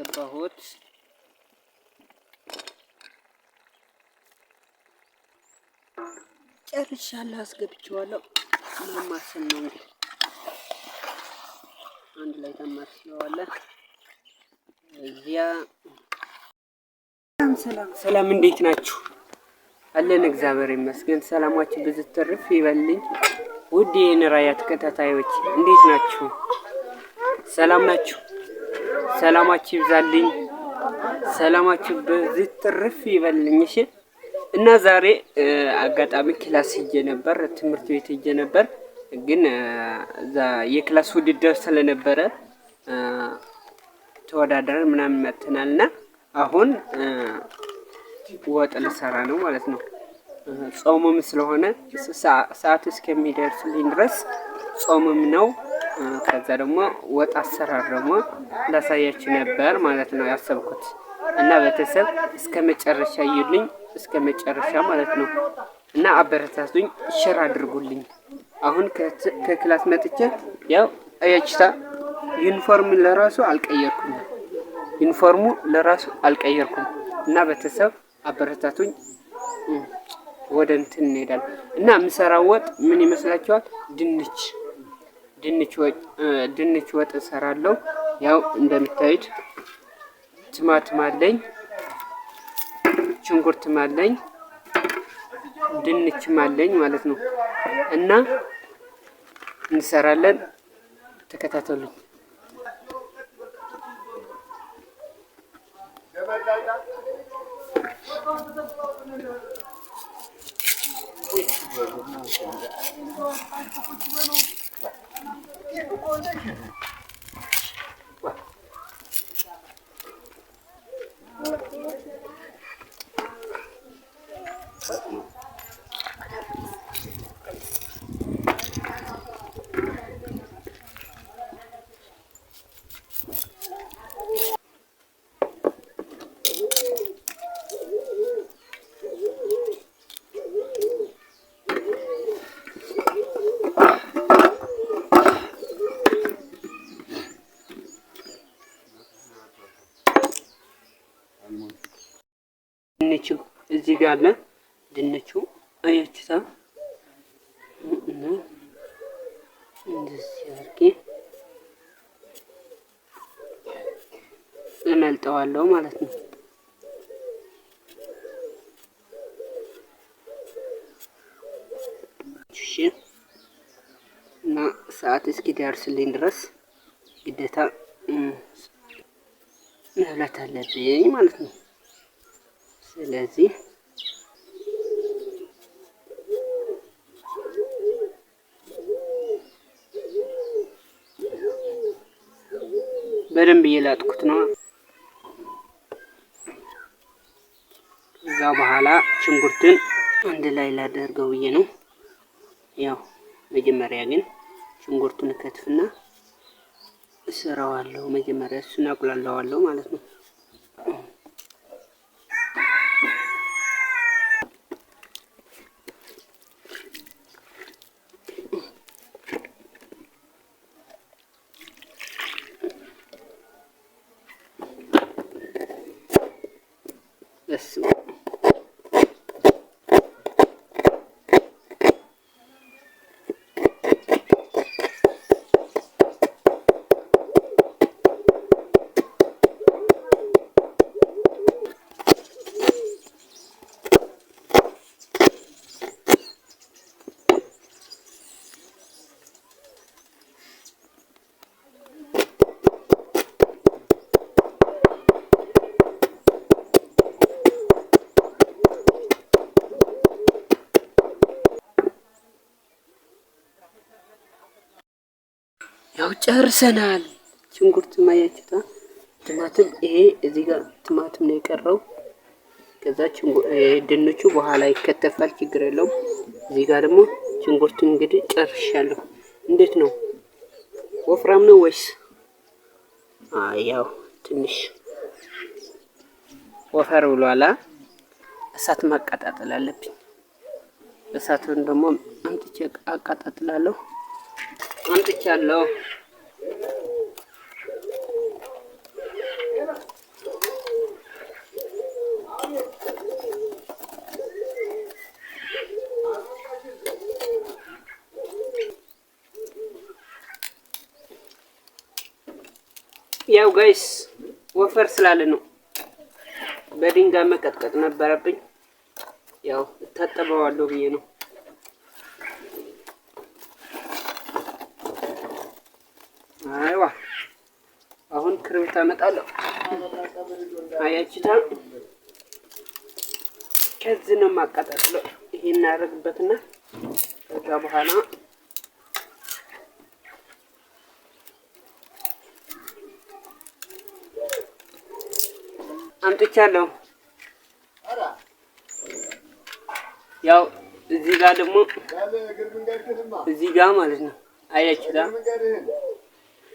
አስገባሁት። ጨርሻለሁ፣ አስገብቼዋለሁ። ማማሰል ነው አንድ ላይ ታማስለዋለህ። እዚያ ሰላም ሰላም፣ እንዴት ናችሁ? አለን እግዚአብሔር ይመስገን። ሰላማችሁ ብዙ ትርፍ ይበልኝ። ውድ የንራያ ተከታታዮች እንዴት ናችሁ? ሰላም ናችሁ? ሰላማችሁ ይብዛልኝ፣ ሰላማችሁ በዚህ ጥርፍ ይበልኝ። እሺ እና ዛሬ አጋጣሚ ክላስ ሄጄ ነበር፣ ትምህርት ቤት ሄጄ ነበር። ግን እዛ የክላስ ውድድር ስለነበረ ተወዳደር ምናምን መጥተናል እና አሁን ወጥ ልሰራ ነው ማለት ነው። ጾምም ስለሆነ ሰዓት እስከሚደርስልኝ ድረስ ጾምም ነው። ከዛ ደግሞ ወጥ አሰራር ደግሞ ላሳያችሁ ነበር ማለት ነው ያሰብኩት እና ቤተሰብ እስከ መጨረሻ እዩልኝ፣ እስከ መጨረሻ ማለት ነው እና አበረታቱኝ፣ ሽር አድርጉልኝ። አሁን ከክላስ መጥቼ ያው አያችታ ዩኒፎርም ለራሱ አልቀየርኩም፣ ዩኒፎርሙ ለራሱ አልቀየርኩም። እና ቤተሰብ አበረታቱኝ። ወደ እንትን እንሄዳለን እና የምሰራው ወጥ ምን ይመስላችኋል? ድንች ድንች ወጥ እሰራለሁ። ያው እንደምታዩት ቲማቲም አለኝ፣ ሽንኩርትም አለኝ፣ ድንችም አለኝ ማለት ነው እና እንሰራለን። ተከታተሉኝ። 你不过来去。ድንቹ እዚህ ጋር አለ። ድንቹ አያችሁታ። እና እንደዚህ አድርጌ እመልጠዋለሁ ማለት ነው። እና ሰዓት እስኪደርስልኝ ድረስ ግዴታ መብላት አለብኝ ማለት ነው። ስለዚህ በደንብ እየላጥኩት ነው። ከዛ በኋላ ሽንኩርትን አንድ ላይ ላደርገው ብዬ ነው። ያው መጀመሪያ ግን ሽንኩርቱን እከትፍና እሰራዋለሁ። መጀመሪያ እሱን አቁላለዋለሁ ማለት ነው። ጨርሰናል። ሽንኩርት ማያችሁታ፣ ቲማቲም ይሄ እዚህ ጋር ቲማቲም ነው የቀረው። ከዛ ድንቹ በኋላ ይከተፋል፣ ችግር የለውም። እዚህ ጋር ደግሞ ሽንኩርት እንግዲህ ጨርሻለሁ። እንዴት ነው ወፍራም ነው ወይስ? ያው ትንሽ ወፈር ብሏላ። እሳት ማቀጣጠል አለብኝ። እሳቱን ደግሞ አምጥቼ አቀጣጥላለሁ። አምጥቻለሁ። ያው ጋይስ ወፈር ስላለ ነው በድንጋይ መቀጥቀጥ ነበረብኝ። ያው እታጠበዋለሁ ብዬ ነው። አመጣለሁ። አያችታ ከዚህ ነው የማቀጣጥለው። ይሄ እናደርግበትና ከዛ በኋላ አምጥቻለሁ። ያው እዚህ ጋር ደግሞ እዚህ ጋር ማለት ነው አያችታ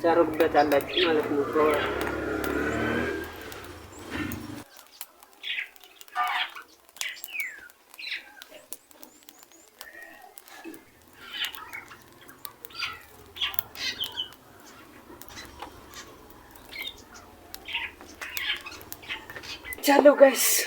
secara canda sih malah muslo Jalo guys.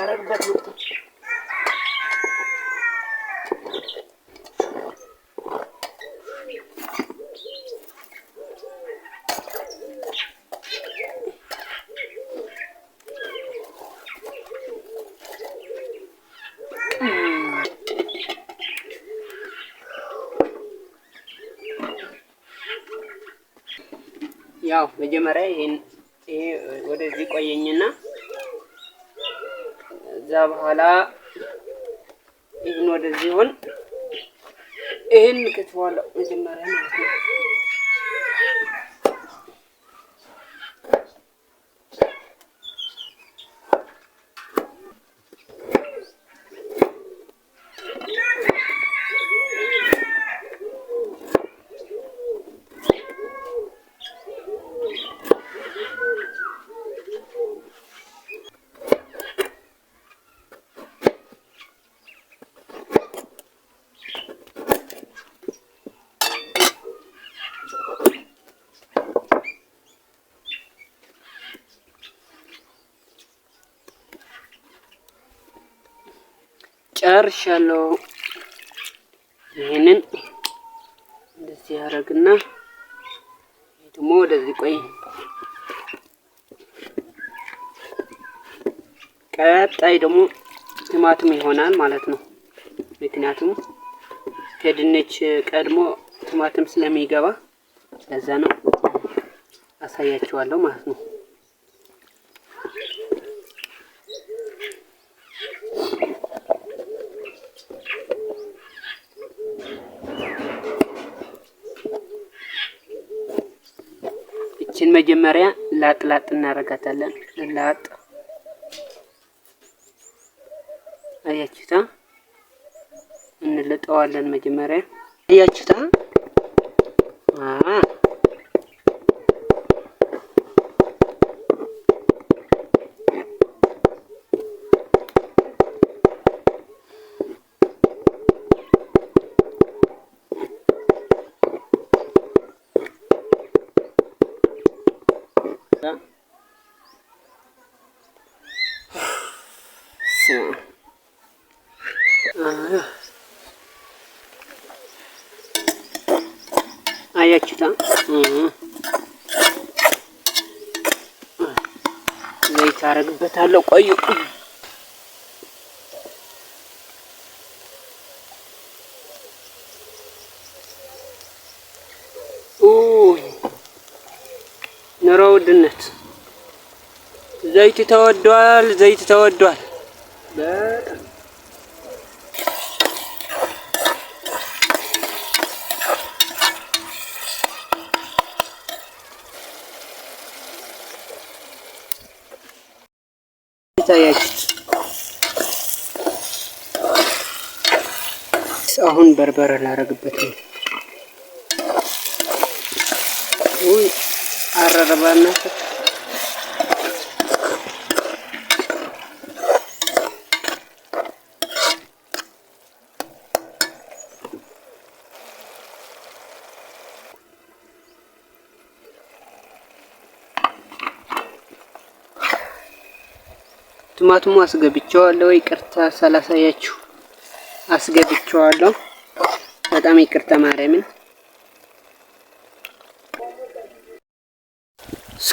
ላረግበት መጣች። ያው መጀመሪያ ይሄን ይሄ ወደዚህ ቆየኝና ከዛ በኋላ ይህን ወደዚህ ይሁን። ይህን ክትፈዋለሁ መጀመሪያ ማለት ነው። ጨርሻለሁ። ይህንን እንደዚህ ያደረግና ደግሞ ወደዚህ ቆይ ቀጣይ ደግሞ ቲማቲም ይሆናል ማለት ነው። ምክንያቱም ከድንች ቀድሞ ቲማቲም ስለሚገባ ለዛ ነው አሳያችኋለሁ ማለት ነው። ይችን መጀመሪያ ላጥ ላጥ እናደርጋታለን። ላጥ አያችሁታ፣ እንልጠዋለን መጀመሪያ አያችሁታ አያችሁታ ዘይት አደርግበታለሁ። ቆዩ ኑሮ ውድነት ዘይት ተወዷል። ዘይት ተወዷል። አሁን በርበረ ላረግበት ነው። ተባረረ በእናት ቲማቲሙ አስገብቼዋለሁ። ይቅርታ ሳላሳያችሁ አስገብቼዋለሁ። በጣም ይቅርታ ማርያምን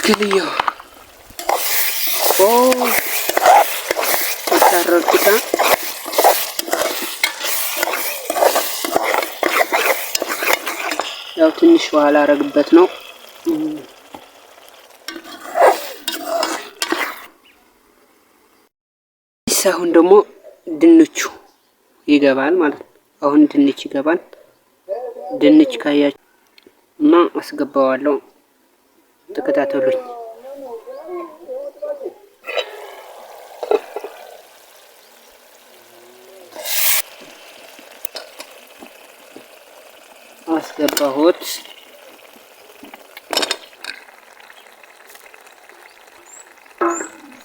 ኦ ያረጉታ ያው ትንሽ ውሃ ላረግበት ነው። አሁን ደግሞ ድንቹ ይገባል ማለት ነው። አሁን ድንች ይገባል። ድንች ካያችሁ እና አስገባዋለሁ። ተከታተሉኝ። አስገባሁት።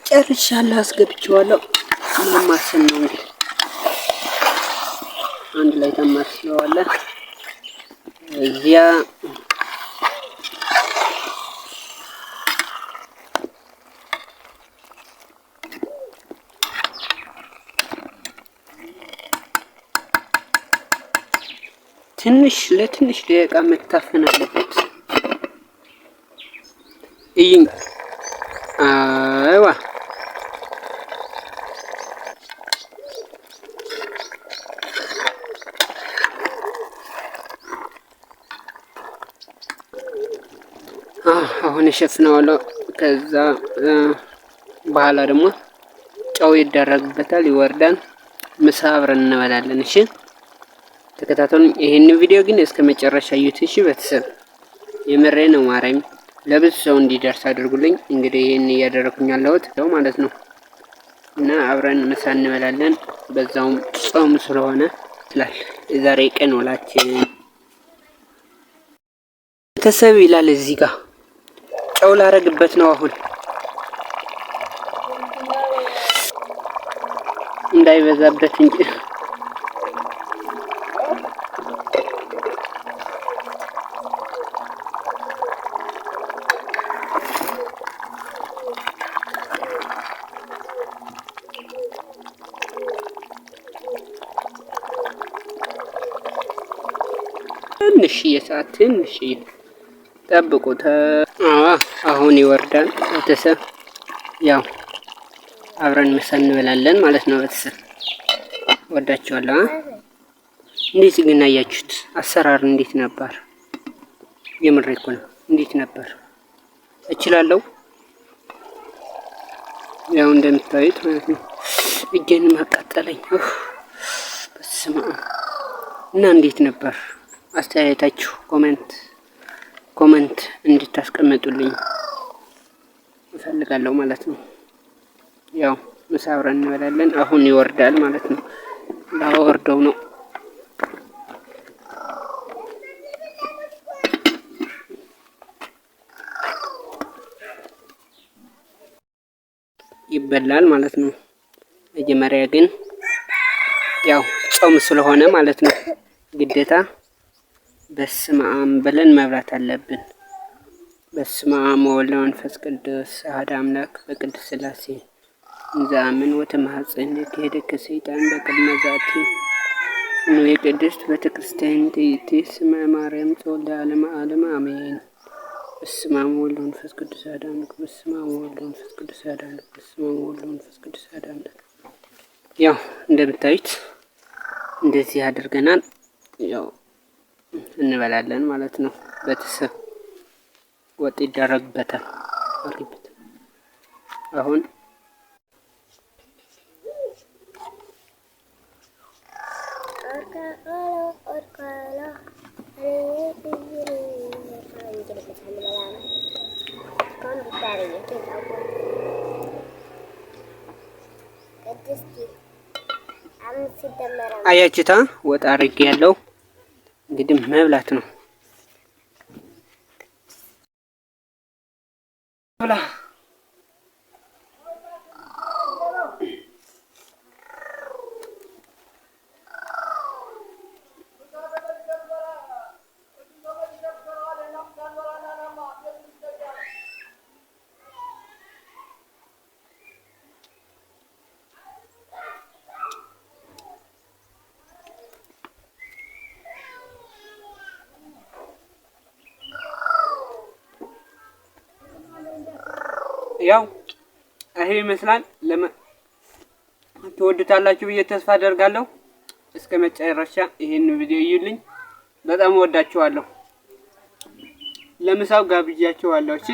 ጨርሻለሁ። አስገብቼዋለሁ። ማማሰል ነው እንግዲህ አንድ ላይ ተማስለዋለን እዚያ ትንሽ ለትንሽ ደቂቃ መታፈን አለበት። እይን አይዋ አሁን እሸፍነዋለሁ። ከዛ በኋላ ደግሞ ጨው ይደረግበታል፣ ይወርዳል። ምሳ አብረን እንበላለን። እሺ ተከታተሉ ይህንን ቪዲዮ ግን እስከ መጨረሻ እዩት እሺ ቤተሰብ። የምሬ ነው ማርያም ለብዙ ሰው እንዲደርስ አድርጉልኝ። እንግዲህ ይህን እያደረኩኝ ያለሁት ነው ማለት ነው እና አብረን ምሳ እንበላለን። በዛውም ጾም ስለሆነ ይችላል የዛሬ ቀን ውላችን ቤተሰብ ይላል እዚህ ጋር ጨው ላረግበት ነው አሁን እንዳይበዛበት እንጂ ትንሽዬ ሰዓት ትንሽዬ ጠብቁ። አዋ አሁን ይወርዳል ቤተሰብ። ያው አብረን ምሳ እንበላለን ማለት ነው ቤተሰብ። ወዳችኋለሁ። እንዴት ግን አያችሁት? አሰራር እንዴት ነበር? የምሬ እኮ ነው። እንዴት ነበር? እችላለሁ። ያው እንደምታዩት ማለት ነው። እጄን አቃጠለኝ። በስመ አብ እና እንዴት ነበር? አስተያየታችሁ ኮመንት ኮመንት እንድታስቀምጡልኝ እፈልጋለሁ ማለት ነው። ያው ምሳ አብረን እንበላለን። አሁን ይወርዳል ማለት ነው። ላወርደው ነው ይበላል ማለት ነው። መጀመሪያ ግን ያው ጾም ስለሆነ ማለት ነው ግዴታ በስመ አብ ብለን መብላት አለብን። በስመ አብ ወወልድ ወመንፈስ ቅዱስ አሐድ አምላክ በቅድስት ሥላሴ እንዘአምን ወተማኅፀን ከሄደከ ሰይጣን በቅድመ ዛቲ የቅድስት ቤተ ክርስቲያን ትእይንተ ስመ ማርያም ጾለ ዓለመ ዓለም አሜን። በስመ አብ ወወልድ ወመንፈስ ቅዱስ አሐድ አምላክ በስመ አብ ወወልድ ወመንፈስ ቅዱስ አሐድ አምላክ በስመ አብ ወወልድ ወመንፈስ ቅዱስ አሐድ አምላክ። ያው እንደምታዩት እንደዚህ አድርገናል ያው እንበላለን ማለት ነው። በትስብ ወጥ ይደረግበታል። አሁን አያችታ ወጥ አድርጌ ያለው እንግዲህ መብላት ነው። ያው ይሄ ይመስላል። ትወዱታላችሁ ብዬ ተስፋ አደርጋለሁ። እስከ መጨረሻ ይሄን ቪዲዮ እዩልኝ። በጣም ወዳችኋለሁ። ለምሳው ጋብዣችኋለሁ። እሺ